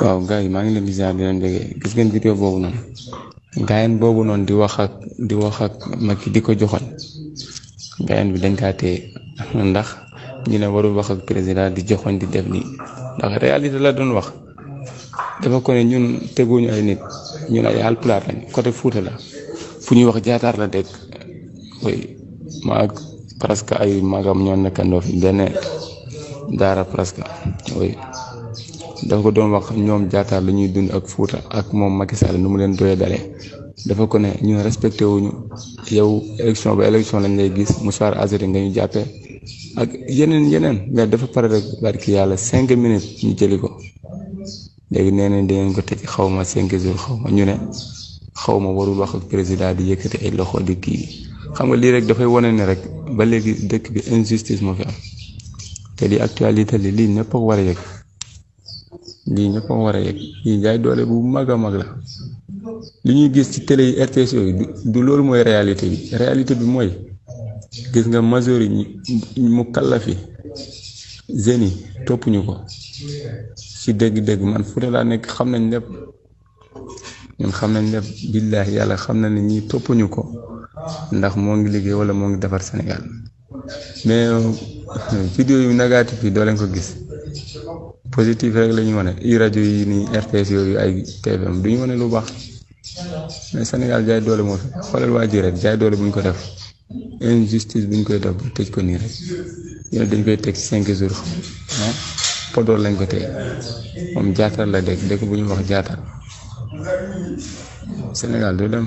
waaw gars yi maa ngi leen di ziar di leen gis ngeen vidéo boobu noonu gaayen boobu noonu di wax ak di wax ak Macky di ko joxoon gaayen bi dañ kaa téye ndax ñu ne warul wax ak président di joxoñ di def nii ndax réalité la doon wax dafa ko ne ñun teguñu ay nit ñun ay alpulaar lañ côté Fuuta la fu ñuy wax jaataar la dëkk oui maa presque ay magam ñoo nekkandoo fi daara presque oui dafa ko doon wax ñoom jaataar la ñuy dund ak Fuuta ak moom Macky Sall nu mu leen doyee dalee dafa ko ne ñu respecté wuñu yow élection ba élection lañ lay gis Moussa Azeri nga ñu jàppee ak yeneen yeneen mais dafa pare rek barki yàlla cinq minutes ñu jëli ko léegi nee nañ dinañ ko tëj xaw ma cinq jours xaw ma ñu ne xaw ma warul wax ak président di yëkkati ay loxo di kii xam nga lii rek dafay wane ne rek ba léegi dëkk bi injustice moo fi am te di lii ñëpp war lii ñëpp war a yegg lii jaay doole bu mag a mag la li ñuy gis ci télé yi RTS yooyu du loolu mooy réalité bi réalité bi mooy gis nga majeur yi mu kallafi jeunes yi toppuñu ko ci dégg-dégg man Fuuta laa nekk xam nañ lépp ñun xam nañ lépp billaahi yàlla xam na ni ñii toppuñu ko ndax moo ngi liggéey wala moo ngi defar Sénégal mais euh, vidéo yu négatif yi doole leen ko gis. positif rek la ñuy wane i rajo yi nii RTS yooyu ay TFM du ñu wane lu baax mais Sénégal jaay doole moo fi xoolal waa ji rek jaay doole bu ñu ko def injustice bu koy def tëj ko nii rek ñu ne dañ koy teg cinq jours ah Podor lañ ko tey moom jaatar la dëkk dëkk bu ñu wax jaatar Sénégal du dem.